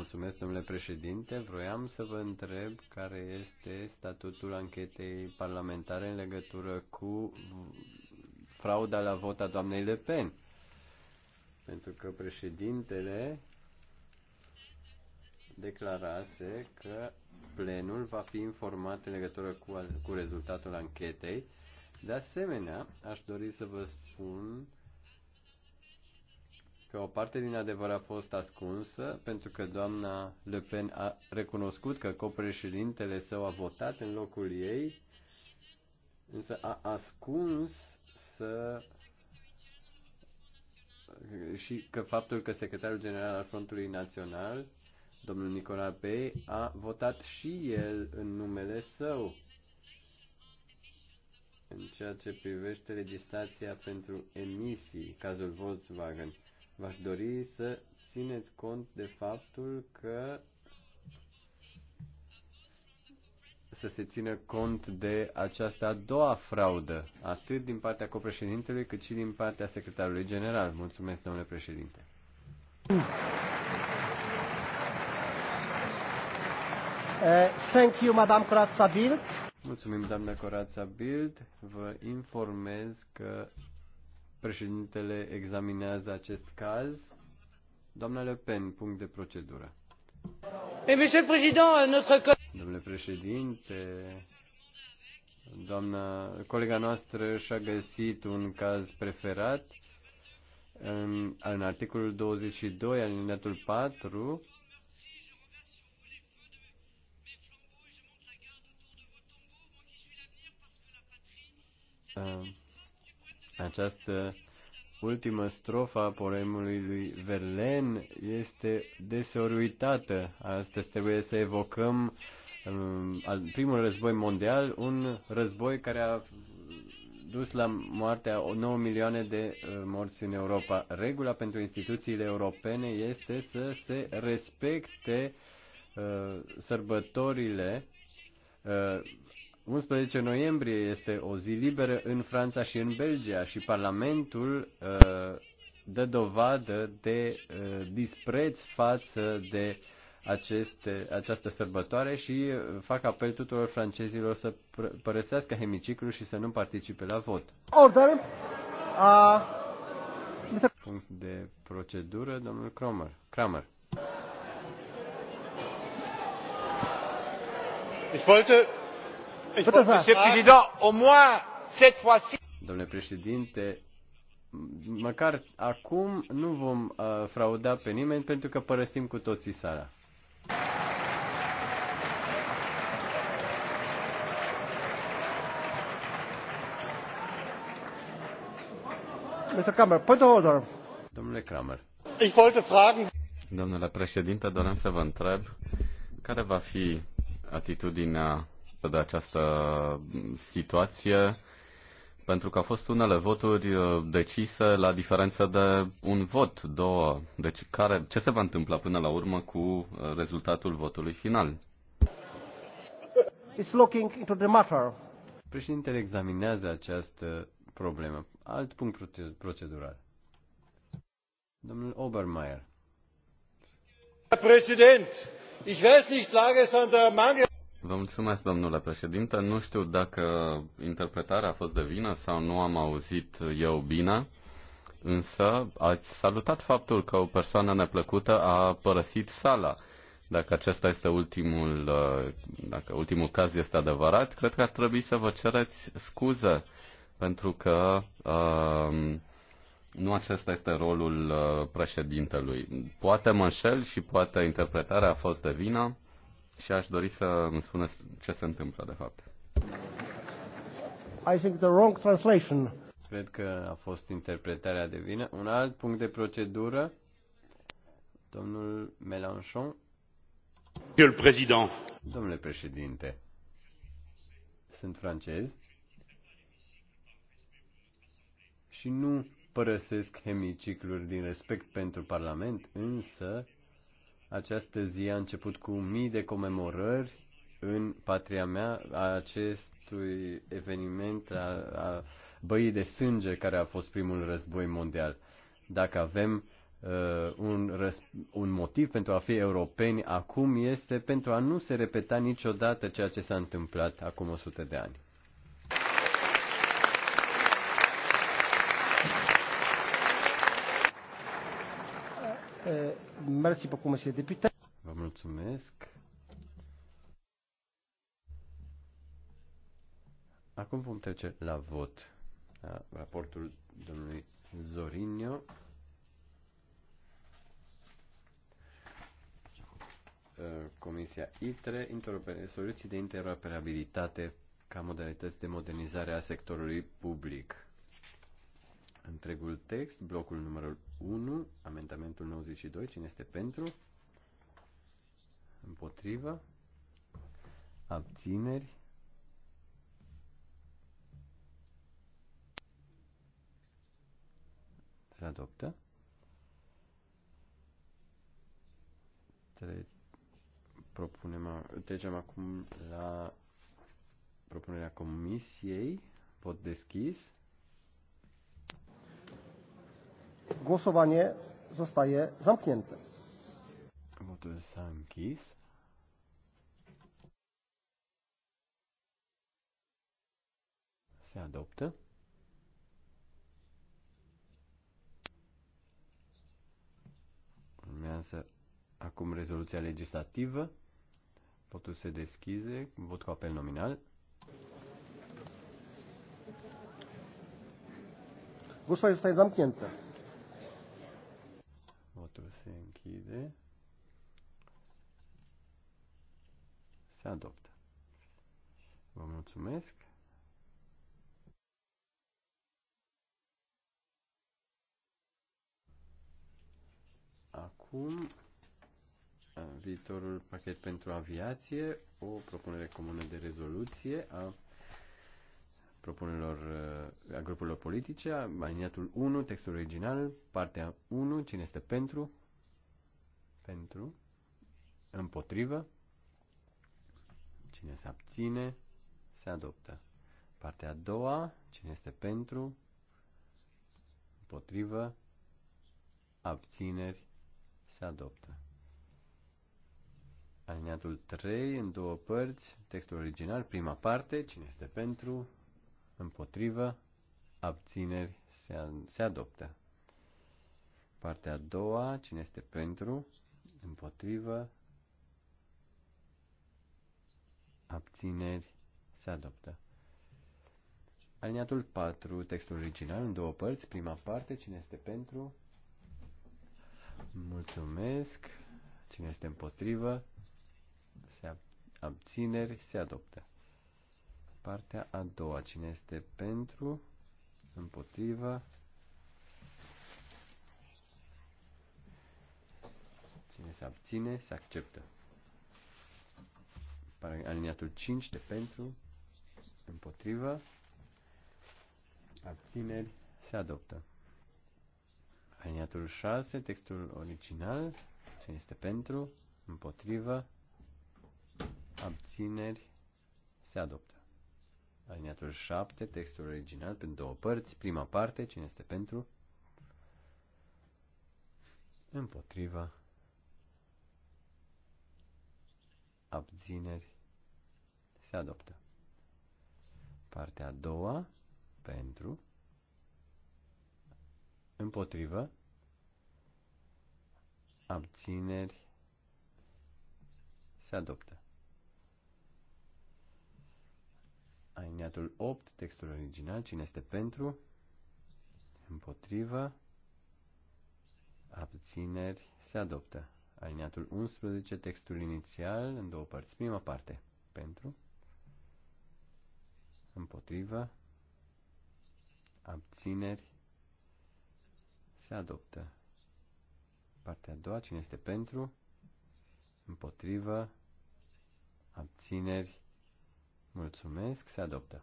Mulțumesc, domnule președinte. Vroiam să vă întreb care este statutul anchetei parlamentare în legătură cu frauda la vot a doamnei Le Pen. Pentru că președintele declarase că plenul va fi informat în legătură cu, cu rezultatul anchetei. De asemenea, aș dori să vă spun că o parte din adevăr a fost ascunsă, pentru că doamna Le Pen a recunoscut că copreședintele său a votat în locul ei, însă a ascuns să și că faptul că secretarul general al Frontului Național, domnul Nicola Bey, a votat și el în numele său în ceea ce privește registrația pentru emisii, cazul Volkswagen. V-aș dori să țineți cont de faptul că să se țină cont de această a doua fraudă, atât din partea copreședintelui, cât și din partea secretarului general. Mulțumesc, domnule președinte. Eh, thank you, Madame Corazza Bild. Mulțumim, doamna Corazza Bild. Vă informez că Președintele examinează acest caz. Doamna Le Pen, punct de procedură. Domnule președinte, doamna, colega noastră și-a găsit un caz preferat în, în articolul 22, alineatul 4, această ultimă strofă a poemului lui Verlaine este deseori uitată. Astăzi trebuie să evocăm um, al primul război mondial, un război care a dus la moartea 9 milioane de uh, morți în Europa. Regula pentru instituțiile europene este să se respecte uh, sărbătorile uh, 11 noiembrie este o zi liberă în Franța și în Belgia și Parlamentul uh, dă dovadă de uh, dispreț față de aceste, această sărbătoare și uh, fac apel tuturor francezilor să părăsească hemiciclul și să nu participe la vot. Order! Uh, Punct de procedură, domnul Kramer. Kramer. Ich wollte Domnule președinte, măcar acum nu vom uh, frauda pe nimeni pentru că părăsim cu toții sala. Mr. Kramer, point of order. Domnule Kramer. Ich wollte fragen. Domnule președinte, doream să vă întreb care va fi atitudinea de această mm, situație pentru că au fost unele voturi uh, decise la diferență de un vot, două. Deci care, ce se va întâmpla până la urmă cu uh, rezultatul votului final? It's looking into the matter. Președintele examinează această problemă. Alt punct procedural. Domnul Obermeier. Herr Präsident, ich weiß nicht, lag es an der Mangel Vă mulțumesc, domnule președinte. Nu știu dacă interpretarea a fost de vină sau nu am auzit eu bine, însă ați salutat faptul că o persoană neplăcută a părăsit sala. Dacă acesta este ultimul, uh, dacă ultimul caz este adevărat, cred că ar trebui să vă cereți scuze, pentru că uh, nu acesta este rolul uh, președintelui. Poate mă înșel și poate interpretarea a fost de vină, și aș dori să îmi spuneți ce se întâmplă de fapt. I think the wrong translation. Cred că a fost interpretarea de vină. Un alt punct de procedură, domnul Mélenchon. Domnule președinte, sunt francez și nu părăsesc hemicicluri din respect pentru Parlament, însă această zi a început cu mii de comemorări în patria mea a acestui eveniment a, a băii de sânge care a fost primul război mondial. Dacă avem uh, un, un motiv pentru a fi europeni acum este pentru a nu se repeta niciodată ceea ce s-a întâmplat acum 100 de ani. Mersi, pe cum Vă mulțumesc. Acum vom trece la vot. La raportul domnului Zorinio. Comisia ITRE, soluții de interoperabilitate ca modalități de modernizare a sectorului public întregul text, blocul numărul 1, amendamentul 92, cine este pentru, împotriva, abțineri, se adoptă. Tre- propunem, trecem acum la propunerea comisiei, vot deschis. Głosowanie zostaje zamknięte. Votul s-a închis. Se adoptă. Urmează acum rezoluția legislativă. Votul se deschide, vot cu apel nominal. Głosowanie zostaje zamknięte se închide, se adoptă. Vă mulțumesc! Acum, viitorul pachet pentru aviație, o propunere comună de rezoluție a propunerilor a grupurilor politice, aliniatul 1, textul original, partea 1, cine este pentru, pentru, împotrivă, cine se abține, se adoptă. Partea a doua, cine este pentru, împotrivă, abțineri, se adoptă. Alineatul 3 în două părți, textul original, prima parte, cine este pentru, împotrivă, abțineri, se, se adoptă. Partea a doua, cine este pentru, împotrivă, abțineri, se adoptă. Aliniatul 4, textul original, în două părți, prima parte, cine este pentru, mulțumesc, cine este împotrivă, se abțineri, se adoptă. Partea a doua, cine este pentru, împotrivă, Cine se abține, se acceptă. Aliniatul 5 de pentru, împotrivă, abțineri, se adoptă. Aliniatul 6, textul original, cine este pentru, împotrivă, abțineri, se adoptă. Aliniatul 7, textul original, pentru două părți, prima parte, cine este pentru, împotriva abțineri, se adoptă. Partea a doua, pentru, împotrivă, abțineri, se adoptă. Alineatul 8, textul original, cine este pentru, împotrivă, abțineri, se adoptă. Aliniatul 11, textul inițial, în două părți. Prima parte, pentru, împotrivă, abțineri, se adoptă. Partea a doua, cine este pentru, împotrivă, abțineri, mulțumesc, se adoptă.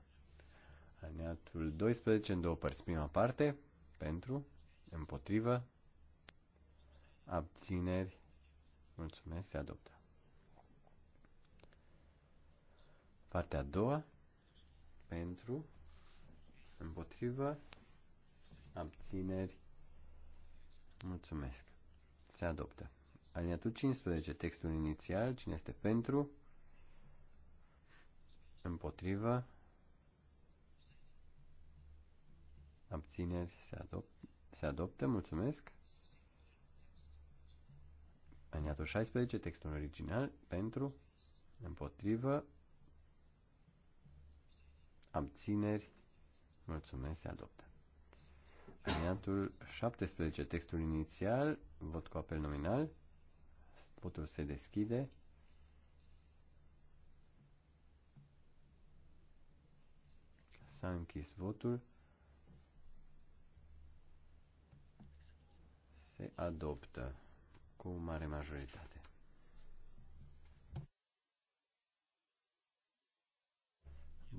Aliniatul 12, în două părți. Prima parte, pentru, împotrivă, abțineri, Mulțumesc, se adoptă. Partea a doua, pentru, împotrivă, abțineri, mulțumesc, se adoptă. Aliniatul 15, textul inițial, cine este pentru, împotrivă, abțineri, se, adop- se adoptă, mulțumesc. Aniatul 16, textul original, pentru, împotrivă, abțineri, mulțumesc, se adoptă. Aniatul 17, textul inițial, vot cu apel nominal, votul se deschide, s-a închis votul, se adoptă cu mare majoritate.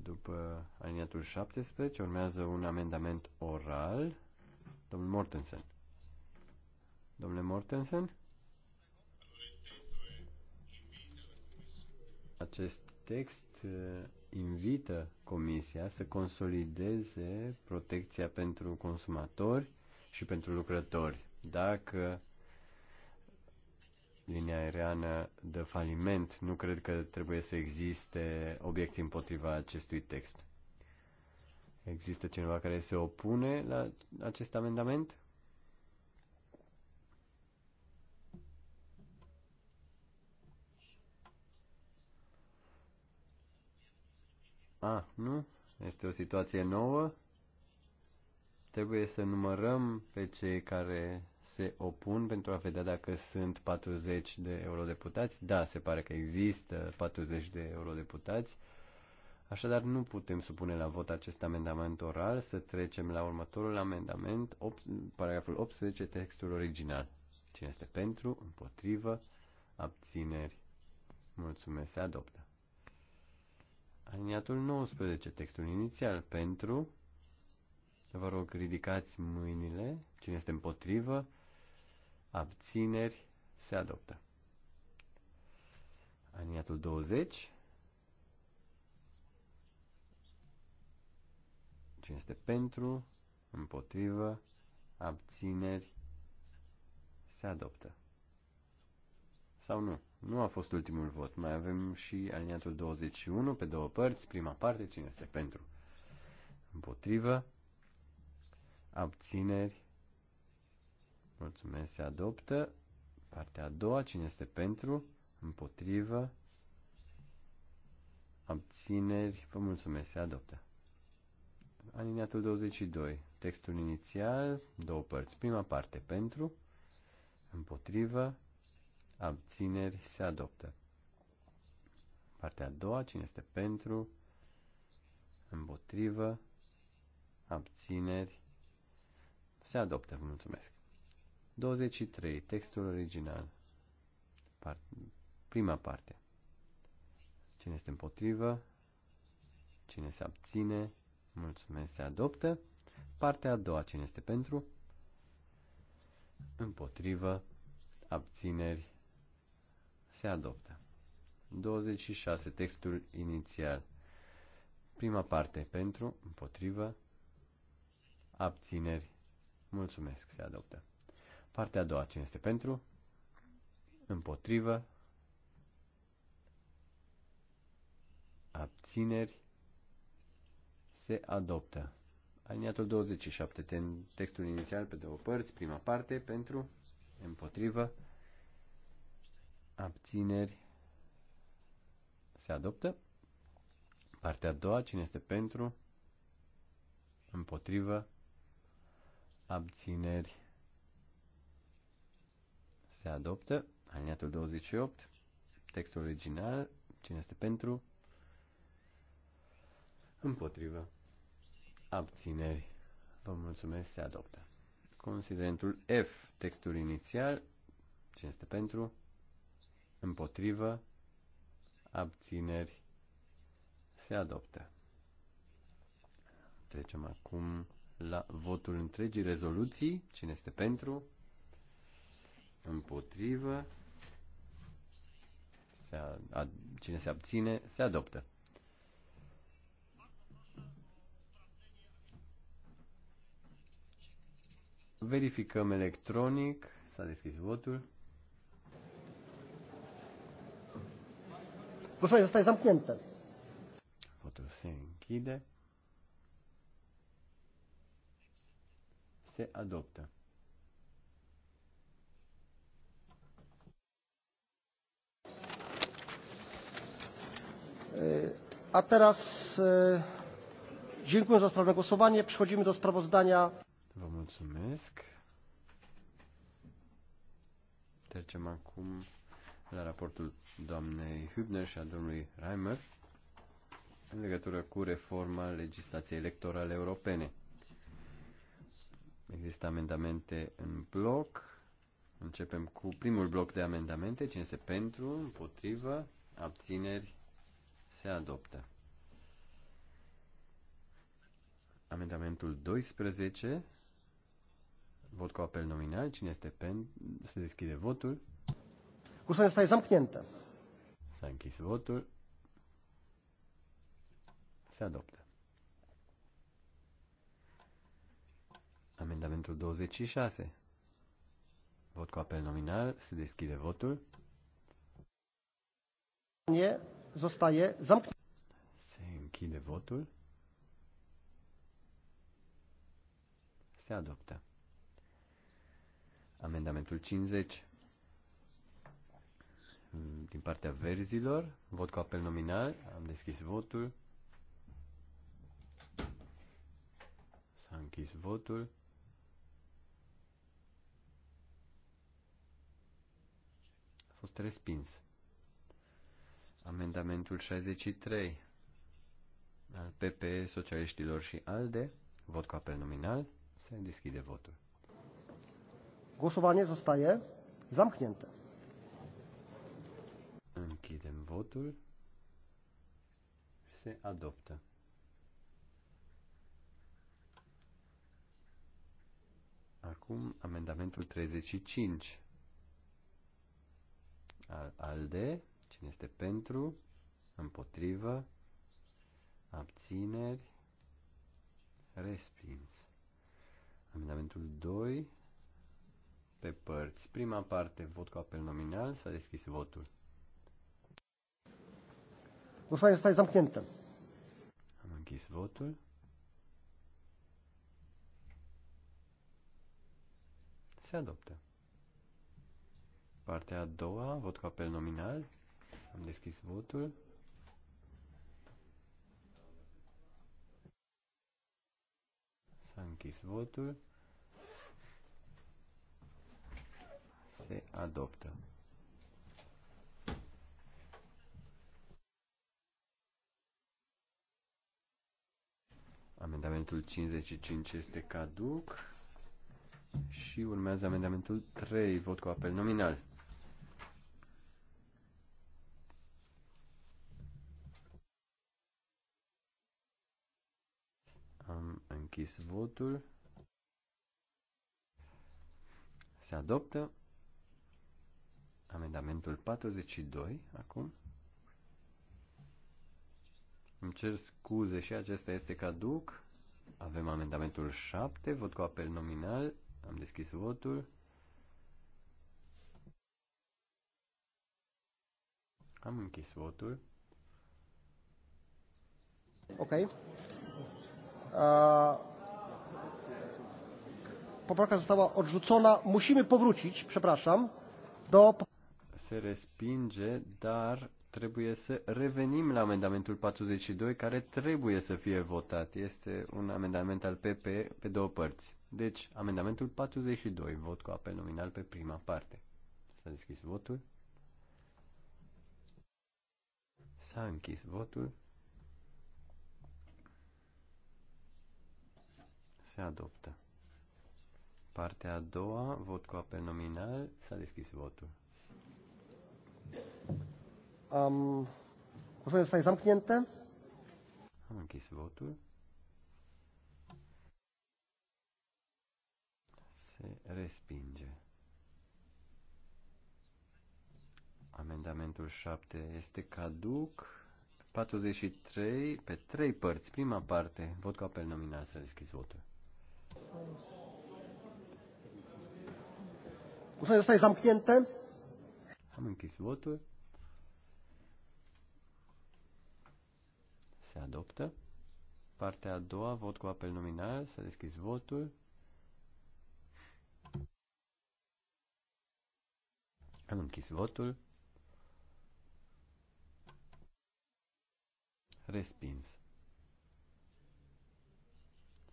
După aliniatul 17 urmează un amendament oral. Domnul Mortensen. Domnule Mortensen? Acest text uh, invită Comisia să consolideze protecția pentru consumatori și pentru lucrători. Dacă linia aeriană de faliment, nu cred că trebuie să existe obiecții împotriva acestui text. Există cineva care se opune la acest amendament? A, nu? Este o situație nouă? Trebuie să numărăm pe cei care se opun pentru a vedea dacă sunt 40 de eurodeputați. Da, se pare că există 40 de eurodeputați. Așadar, nu putem supune la vot acest amendament oral, să trecem la următorul amendament, 8, paragraful 18, textul original. Cine este pentru, împotrivă, abțineri. Mulțumesc, se adoptă. Aliniatul 19, textul inițial, pentru, vă rog, ridicați mâinile, cine este împotrivă, abțineri, se adoptă. Aliniatul 20. Cine este pentru, împotrivă, abțineri, se adoptă. Sau nu? Nu a fost ultimul vot. Mai avem și aliniatul 21 pe două părți. Prima parte, cine este pentru? Împotrivă, abțineri, Mulțumesc, se adoptă. Partea a doua, cine este pentru, împotrivă, abțineri, vă mulțumesc, se adoptă. Aliniatul 22, textul inițial, două părți. Prima parte, pentru, împotrivă, abțineri, se adoptă. Partea a doua, cine este pentru, împotrivă, abțineri, se adoptă, vă mulțumesc. 23. Textul original. Part, prima parte. Cine este împotrivă? Cine se abține? Mulțumesc, se adoptă. Partea a doua. Cine este pentru? Împotrivă. Abțineri. Se adoptă. 26. Textul inițial. Prima parte pentru, împotrivă, abțineri. Mulțumesc, se adoptă. Partea a doua, cine este pentru? Împotrivă. Abțineri. Se adoptă. Aliniatul 27, textul inițial pe două părți, prima parte, pentru, împotrivă, abțineri, se adoptă. Partea a doua, cine este pentru, împotrivă, abțineri, se adoptă. Aliniatul 28, textul original, cine este pentru, împotrivă, abțineri. Vă mulțumesc, se adoptă. Considerentul F, textul inițial, cine este pentru, împotrivă, abțineri, se adoptă. Trecem acum la votul întregii rezoluții. Cine este pentru? împotrivă, se a, cine se abține, se adoptă. Verificăm electronic, s-a deschis votul. Głosowanie zostaje zamknięte. Votul se închide. Se adoptă. A teraz dziękuję za sprawne głosowanie. Przechodzimy do sprawozdania. Vă mulțumesc. Trecem acum la raportul doamnei Hübner și a domnului Reimer în legătură cu reforma legislației electorale europene. Există amendamente în bloc. Începem cu primul bloc de amendamente. Cine este pentru, împotrivă, abțineri, se adoptă. Amendamentul 12, vot cu apel nominal, cine este pentru, se deschide votul. să stai zamknięte. S-a închis votul. Se adoptă. Amendamentul 26. Vot cu apel nominal. Se deschide votul zostaje zamknięty. Se închide votul. Se adoptă. Amendamentul 50 din partea verzilor, vot cu apel nominal, am deschis votul. S-a închis votul. A fost respins. Amendamentul 63 al PPE, Socialiștilor și ALDE, vot cu apel nominal, se deschide votul. Gosovanie zostaie zamknięte. Închidem votul. Se adoptă. Acum amendamentul 35 al ALDE, Cine este pentru? Împotrivă? Abțineri? Respins. Amendamentul 2 pe părți. Prima parte, vot cu apel nominal, s-a deschis votul. Głosowanie zostaje stai Am închis votul. Se adoptă. Partea a doua, vot cu apel nominal, am deschis votul. S-a închis votul. Se adoptă. Amendamentul 55 este caduc și urmează amendamentul 3, vot cu apel nominal. închis votul. Se adoptă amendamentul 42 acum. Îmi cer scuze și acesta este caduc. Avem amendamentul 7, vot cu apel nominal. Am deschis votul. Am închis votul. Ok. Poprawka została odrzucona. Musimy powrócić, przepraszam, do... Se respinge, dar trebuie să revenim la amendamentul 42, care trebuie să fie votat. Este un amendament al PP pe două părți. Deci, amendamentul 42, vot cu apel nominal pe prima parte. S-a deschis votul. S-a închis votul. se adoptă. Partea a doua, vot cu apel nominal, s-a deschis votul. Um, głosowanie zostanie zamknięte. Am închis votul. Se respinge. Amendamentul 7 este caduc. 43 pe 3 părți. Prima parte, vot cu apel nominal, să deschis votul. Głosowanie zostaje zamknięte. Am închis votul. Se adoptă. Partea a doua, vot cu apel nominal. S-a deschis votul. Am închis votul. Respins.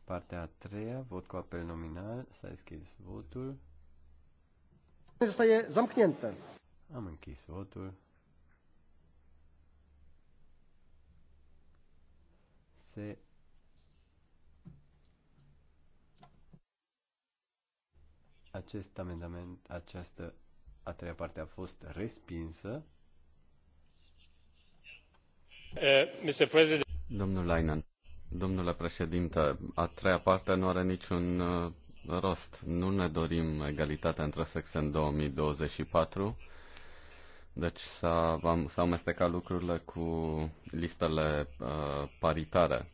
Partea a treia, vot cu apel nominal, s-a deschis votul. e zamknięte. Am închis votul. Se acest amendament, această a treia parte a fost respinsă. Uh, Mr. President. Domnul Lainan. Domnule președinte, a treia parte nu are niciun uh, rost. Nu ne dorim egalitatea între sexe în 2024. Deci s-au amestecat lucrurile cu listele uh, paritare.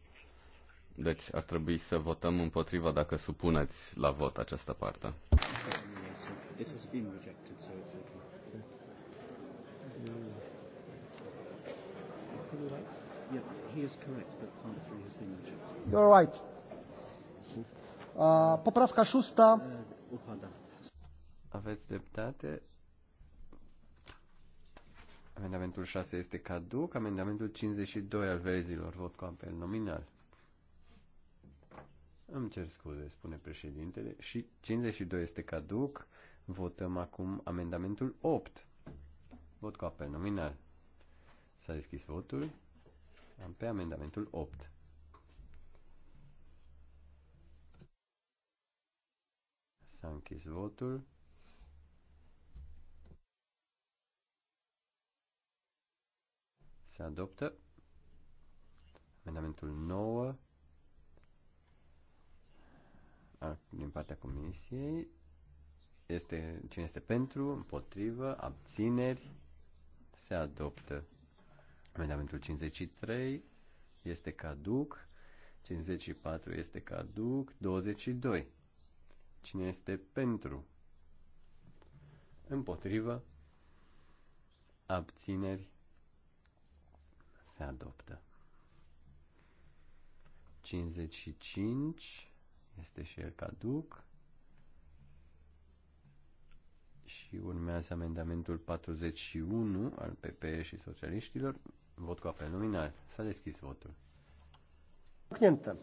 Deci ar trebui să votăm împotriva dacă supuneți la vot această parte. You're right. Uh, poprawka szósta. Uh, Aveți dreptate. Amendamentul 6 este caduc. Amendamentul 52 al verzilor. Vot cu apel nominal. Îmi cer scuze, spune președintele. Și 52 este caduc. Votăm acum amendamentul 8. Vot cu apel nominal. S-a deschis votul pe amendamentul 8. S-a închis votul. Se adoptă amendamentul 9 din partea comisiei. Este, cine este pentru, împotrivă, abțineri, se adoptă. Amendamentul 53 este caduc. 54 este caduc. 22. Cine este pentru? Împotrivă. Abțineri. Se adoptă. 55 este și el caduc. Și urmează amendamentul 41 al PPE și socialiștilor. Vot cu apel nominal. S-a deschis votul. Cliente.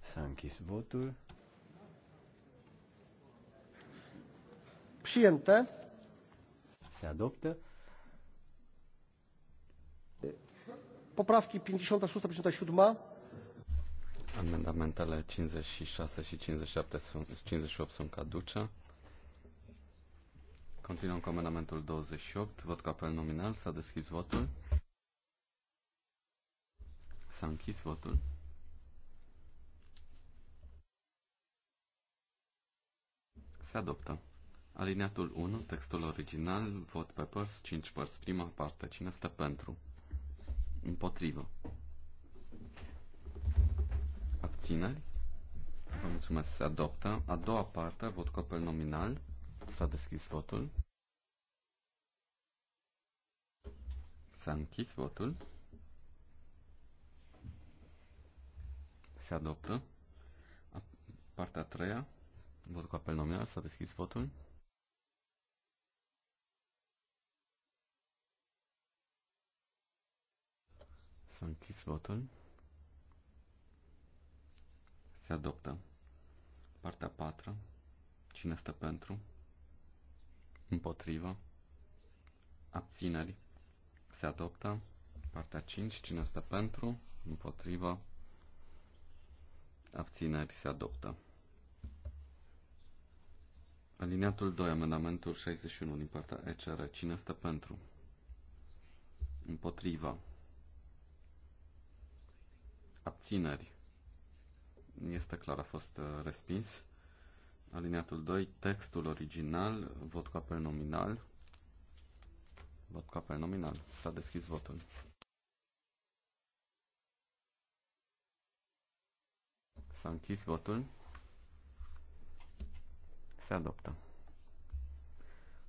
S-a închis votul. Przyjęte. Se adoptă. Poprawki 56-57. Amendamentele 56 și 57 sunt, 58 sunt caduce. Continuăm cu amendamentul 28. Vot cu apel nominal. S-a deschis votul. S-a închis votul. Se adoptă. Alineatul 1, textul original, vot pe părți, 5 părți, prima parte. Cine stă pentru? Împotrivă. Abțineri? Vă mulțumesc, se adoptă. A doua parte, vot cu apel nominal. S-a deschis votul. S-a închis votul. Se adoptă. Partea a treia. Vot cu apel nominal. S-a deschis votul. S-a închis votul. Se adoptă. Partea a patra Cine stă pentru? Împotrivă. Abțineri. Se adoptă. Partea 5. Cine stă pentru? Împotrivă abțineri se adoptă. Alineatul 2, amendamentul 61 din partea ECR. Cine stă pentru? Împotriva. Abțineri. Este clar, a fost uh, respins. Alineatul 2, textul original, vot cu apel nominal. Vot cu apel nominal. S-a deschis votul. S-a închis votul. Se adoptă.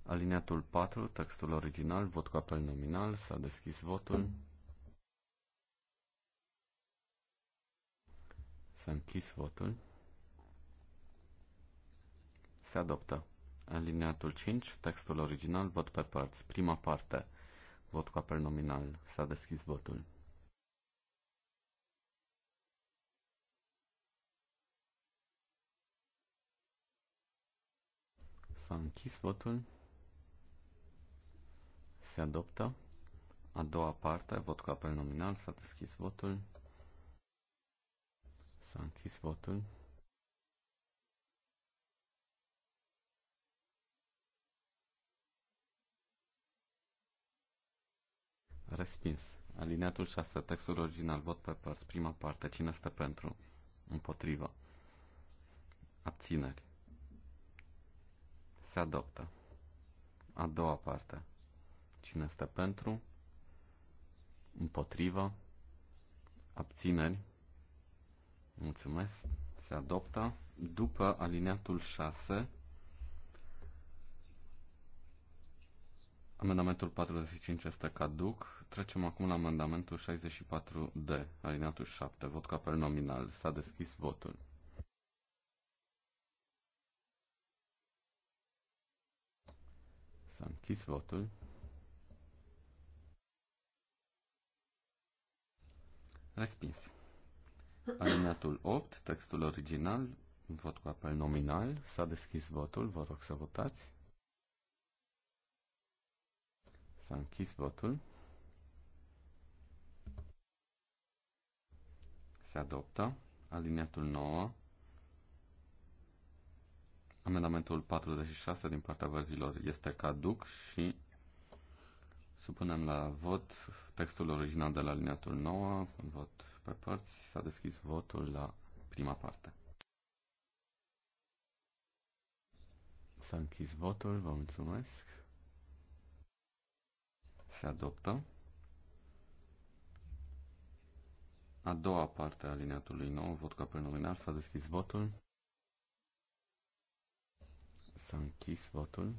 Alineatul 4, textul original, vot cu apel nominal, s-a deschis votul. S-a închis votul. Se adoptă. Alineatul 5, textul original, vot pe părți. Prima parte, vot cu apel nominal, s-a deschis votul. S-a închis votul. Se adoptă. A doua parte, vot cu apel nominal, s-a deschis votul. S-a închis votul. Respins. Alineatul 6, textul original, vot pe părți, prima parte, cine stă pentru, împotriva, abțineri, se adoptă. A doua parte. Cine este pentru? Împotrivă? Abțineri? Mulțumesc. Se adoptă. După alineatul 6, Amendamentul 45 este caduc. Trecem acum la amendamentul 64D, alineatul 7, vot cu apel nominal. S-a deschis votul. S-a închis votul. Respins. Alineatul 8, textul original, vot cu apel nominal. S-a deschis votul, vă rog să votați. S-a închis votul. Se adoptă. Alineatul 9, Amendamentul 46 din partea verzilor este caduc și supunem la vot textul original de la liniatul 9, vot pe părți, s-a deschis votul la prima parte. S-a închis votul, vă mulțumesc. Se adoptă. A doua parte a liniatului 9, vot ca pe nominal, s-a deschis votul. S-a închis votul.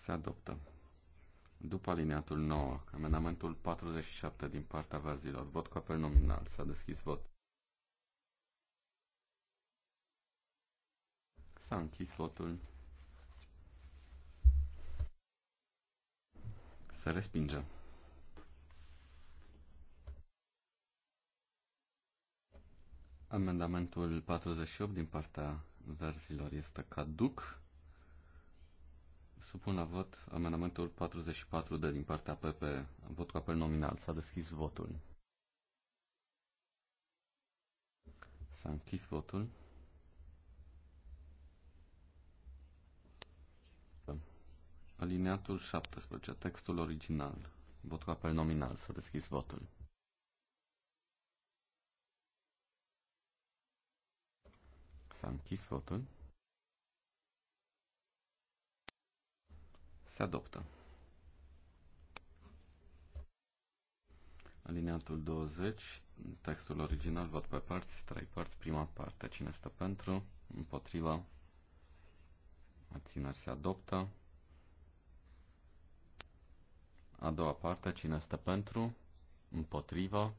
Se adoptă. După alineatul 9, amendamentul 47 din partea verzilor, vot cu apel nominal, s-a deschis vot. S-a închis votul. Se respinge. Amendamentul 48 din partea verzilor este caduc. Supun la vot amendamentul 44 de din partea PP. Vot cu apel nominal. S-a deschis votul. S-a închis votul. Alineatul 17. Textul original. Vot cu apel nominal. S-a deschis votul. S-a închis votul. Se adoptă. Alineatul 20, textul original, vot pe părți, trei părți, prima parte. Cine stă pentru? Împotriva? Abțineri se adoptă. A doua parte, cine stă pentru? Împotriva?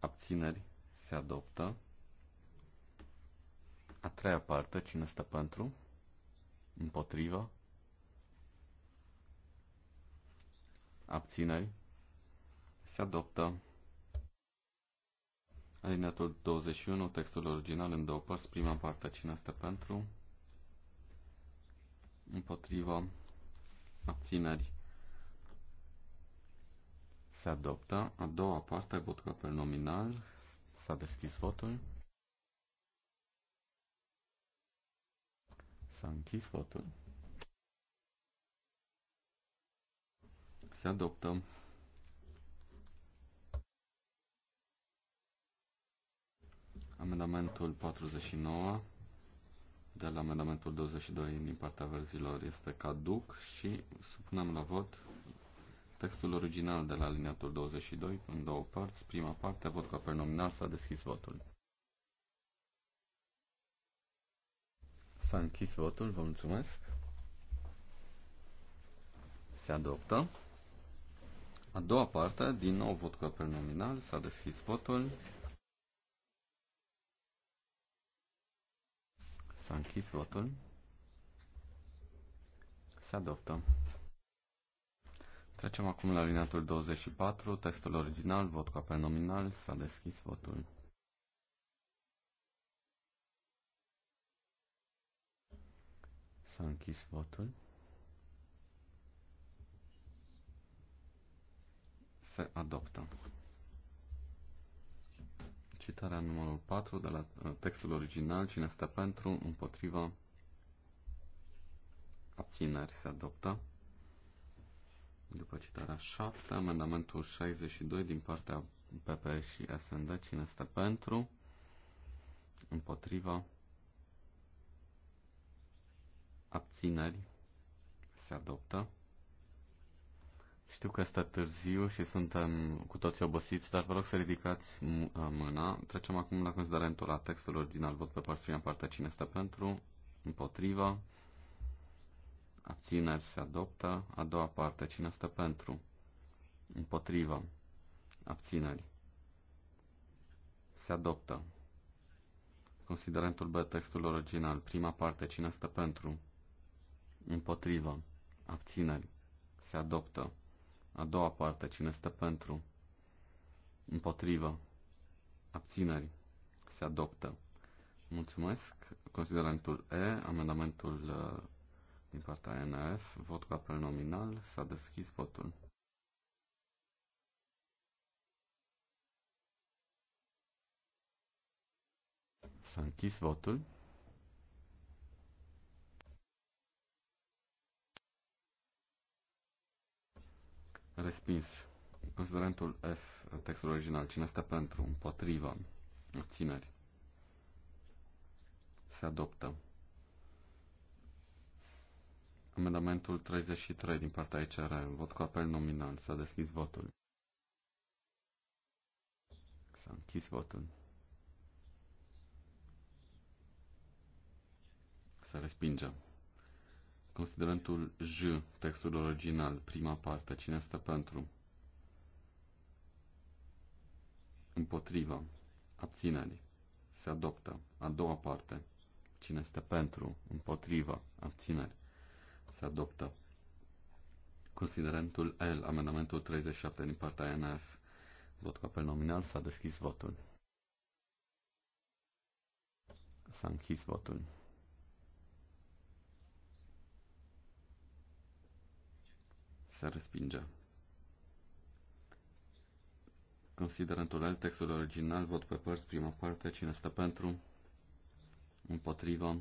Abțineri se adoptă. A treia parte, cine stă pentru? Împotrivă? Abțineri? Se adoptă. Alineatul 21, textul original în două părți, prima parte, cine stă pentru? Împotrivă? Abțineri? Se adoptă. A doua parte, vot pe nominal. S-a deschis votul. S-a închis votul. Se adoptă. Amendamentul 49 de la amendamentul 22 din partea verzilor este caduc și supunem la vot textul original de la alineatul 22 în două părți. Prima parte, vot cu apel nominal, s-a deschis votul. S-a închis votul, vă mulțumesc. Se adoptă. A doua parte, din nou vot cu apel nominal, s-a deschis votul. S-a închis votul. Se adoptă. Trecem acum la alineatul 24, textul original, vot cu apel nominal, s-a deschis votul. S-a închis votul. Se adoptă. Citarea numărul 4 de la uh, textul original. Cine stă pentru, împotriva, abțineri se adoptă. După citarea 7, amendamentul 62 din partea PP și SND. Cine stă pentru, împotriva, abțineri, se adoptă. Știu că este târziu și suntem cu toții obosiți, dar vă rog să ridicați uh, mâna. Trecem acum la considerentul la textul original. văd pe părți prima parte. Cine este pentru? Împotriva? Abțineri se adoptă. A doua parte. Cine este pentru? Împotriva? Abțineri. Se adoptă. Considerentul B, textul original. Prima parte. Cine este pentru? Împotrivă. Abțineri. Se adoptă. A doua parte. Cine stă pentru? Împotrivă. Abțineri. Se adoptă. Mulțumesc. Considerentul E, amendamentul uh, din partea NF, vot cu apel nominal, s-a deschis votul. S-a închis votul. Respins. Considerentul F, textul original, cine este pentru, împotriva, obțineri, se adoptă. Amendamentul 33 din partea ICR, vot cu apel nominal, s-a deschis votul. S-a închis votul. Se respingem. Considerentul J, textul original, prima parte, cine stă pentru? Împotriva. Abțineri. Se adoptă. A doua parte. Cine este pentru, împotriva, abțineri, se adoptă. Considerentul L, amendamentul 37 din partea NF, vot cu apel nominal, s-a deschis votul. S-a închis votul. Se respinge. Considerentul L, textul original, vot pe părți, prima parte, cine stă pentru, împotriva,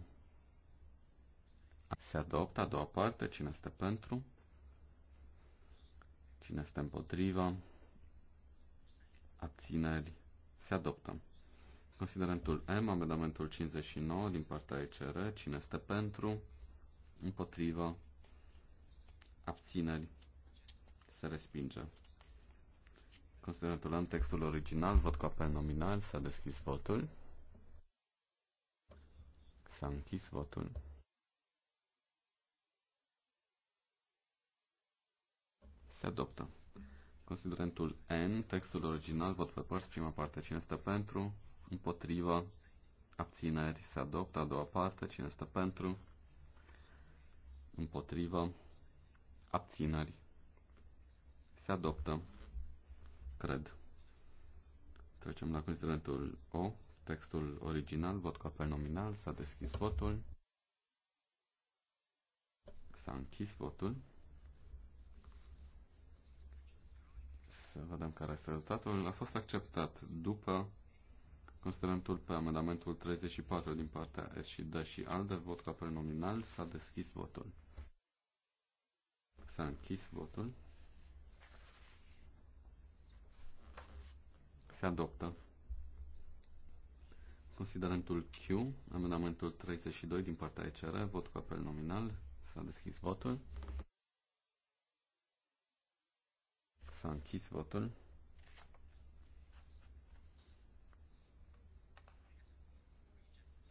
se adoptă, a doua parte, cine stă pentru, cine stă împotriva, abțineri, se adoptă. Considerentul M, amendamentul 59 din partea ECR, cine stă pentru, împotriva, abțineri, se respinge. Considerentul textul original, vot cu apel nominal, s-a deschis votul. S-a închis votul. Se adoptă. Considerentul N, textul original, vot pe părți, prima parte, cine stă pentru, împotriva, abțineri, se adoptă, a doua parte, cine stă pentru, împotriva, abțineri, se adoptă. Cred. Trecem la considerentul O. Textul original, vot cu apel nominal, s-a deschis votul. S-a închis votul. Să vedem care este rezultatul. A fost acceptat după considerentul pe amendamentul 34 din partea S și D și ALDE, vot cu apel nominal, s-a deschis votul. S-a închis votul. se adoptă. Considerentul Q, amendamentul 32 din partea ECR, vot cu apel nominal, s-a deschis votul. S-a închis votul.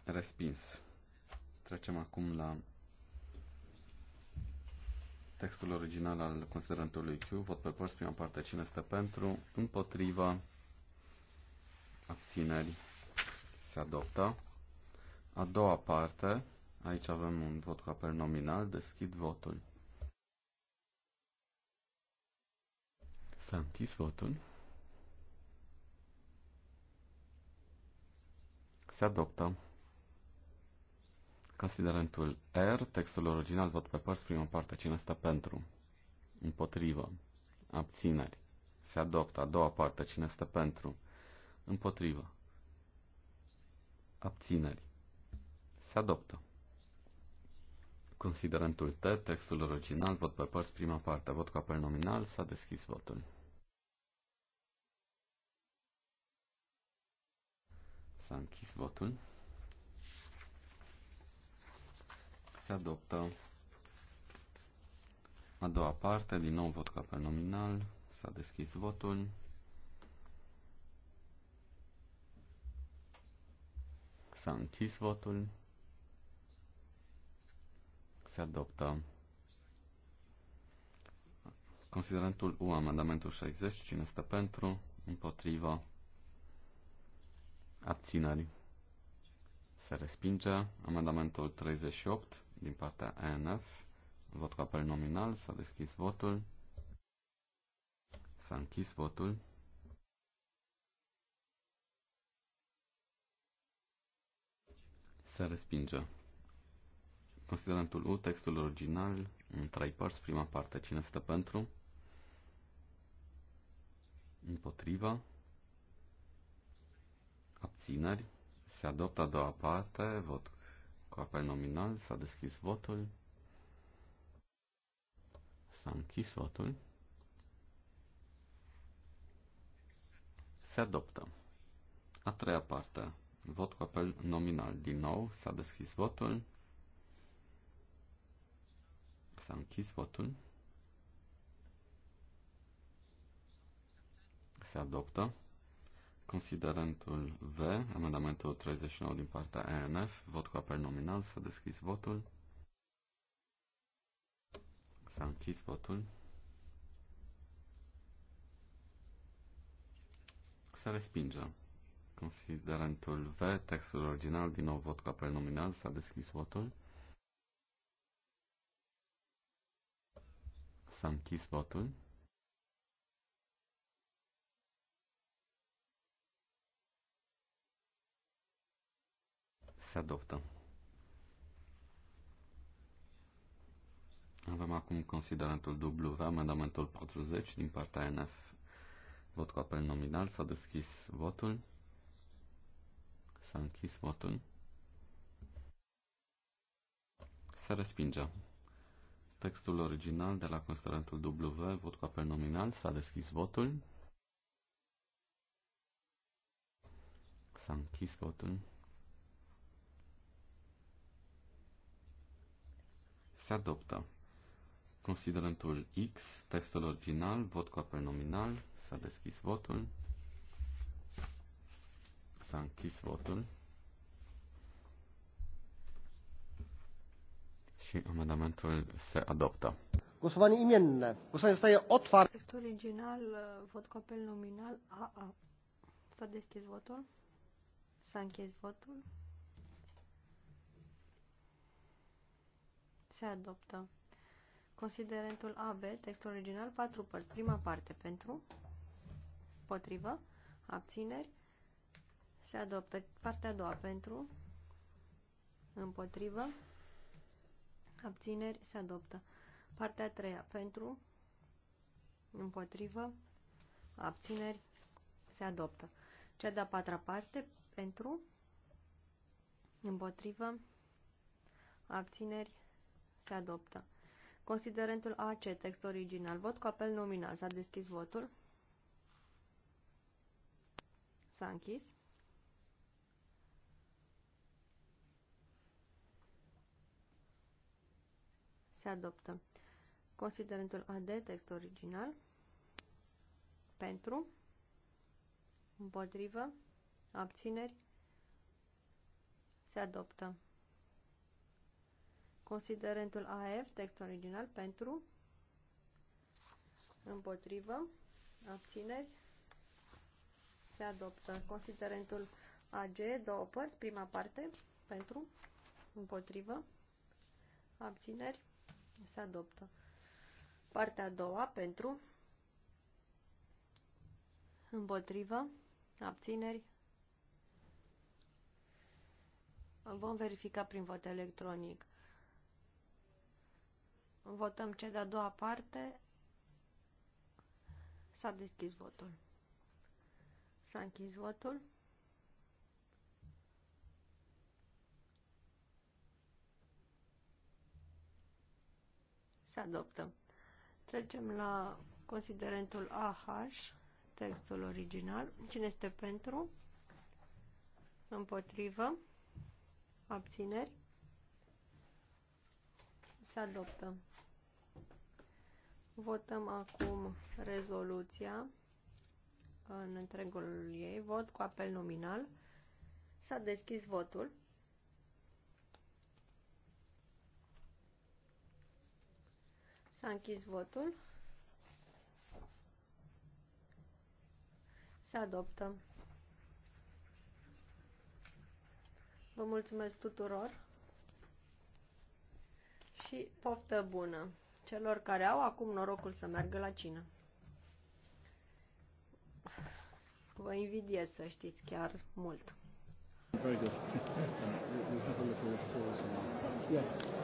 Respins. Trecem acum la textul original al considerentului Q. Vot pe părți, prima parte, cine este pentru, împotriva, abțineri, se adoptă. A doua parte, aici avem un vot cu apel nominal, deschid votul. S-a închis votul. Se adoptă. Considerentul R, textul original, vot pe părți, prima parte, cine stă pentru? Împotrivă. Abțineri. Se adoptă. A doua parte, cine stă pentru? Împotrivă. Abțineri. Se adoptă. Considerentul T, textul original, vot pe părți, prima parte, vot cu apel nominal, s-a deschis votul. S-a închis votul. Se adoptă a doua parte, din nou vot cu apel nominal, s-a deschis votul. S-a închis votul. Se adoptă. Considerentul U, amendamentul 60, cine este pentru, împotriva, abținerii. Se respinge amendamentul 38 din partea ANF. Vot cu apel nominal. S-a deschis votul. S-a închis votul. Se respinge. Considerantul U, textul original, în trei părți, prima parte, cine stă pentru, împotriva, abțineri, se adoptă a doua parte, vot cu apel nominal, s-a deschis votul, s-a închis votul, se adoptă. A treia parte, Vot cu apel nominal. Din nou s-a deschis votul. S-a închis votul. Se adoptă. Considerentul V, amendamentul 39 din partea ENF, vot cu apel nominal, s-a deschis votul. S-a închis votul. Se respinge. Considerentul V, textul original, din nou vot ca apel nominal, s-a deschis votul. S-a închis votul. Se adoptă. Avem acum considerentul W, amendamentul 40 din partea NF. Vot cu apel nominal. S-a deschis votul. S-a închis votul. Se respinge. Textul original de la considerentul W, vot cu apel nominal, s-a deschis votul. S-a închis votul. Se adoptă. Considerentul X, textul original, vot cu apel nominal, s-a deschis votul. S-a închis votul. Și amendamentul se adoptă. Głosowanie imienne. Głosowanie zostaje otwarte. Text original, uh, vot cu apel nominal AA. S-a deschis votul. S-a închis votul. Se adoptă. Considerentul AB, text original, patru părți. Prima parte pentru, potrivă, abțineri, se adoptă. Partea a doua pentru. Împotrivă. Abțineri. Se adoptă. Partea a treia pentru. Împotrivă. Abțineri. Se adoptă. Cea de-a patra parte pentru. Împotrivă. Abțineri. Se adoptă. Considerentul AC, text original. Vot cu apel nominal. S-a deschis votul. S-a închis. Se adoptă. Considerentul AD, text original. Pentru. Împotrivă. Abțineri. Se adoptă. Considerentul AF, text original, pentru, împotrivă, abțineri, se adoptă. Considerentul AG, două părți, prima parte, pentru, împotrivă, abțineri, se adoptă. Partea a doua pentru împotrivă, abțineri. Vom verifica prin vot electronic. Votăm cea de-a doua parte. S-a deschis votul. S-a închis votul. Se adoptă. Trecem la considerentul AH, textul original. Cine este pentru? Împotrivă? Abțineri? Se adoptă. Votăm acum rezoluția în întregul ei. Vot cu apel nominal. S-a deschis votul. S-a închis votul. Se adoptă. Vă mulțumesc tuturor și poftă bună celor care au acum norocul să meargă la cină. Vă invidiez să știți chiar mult. Very good. yeah.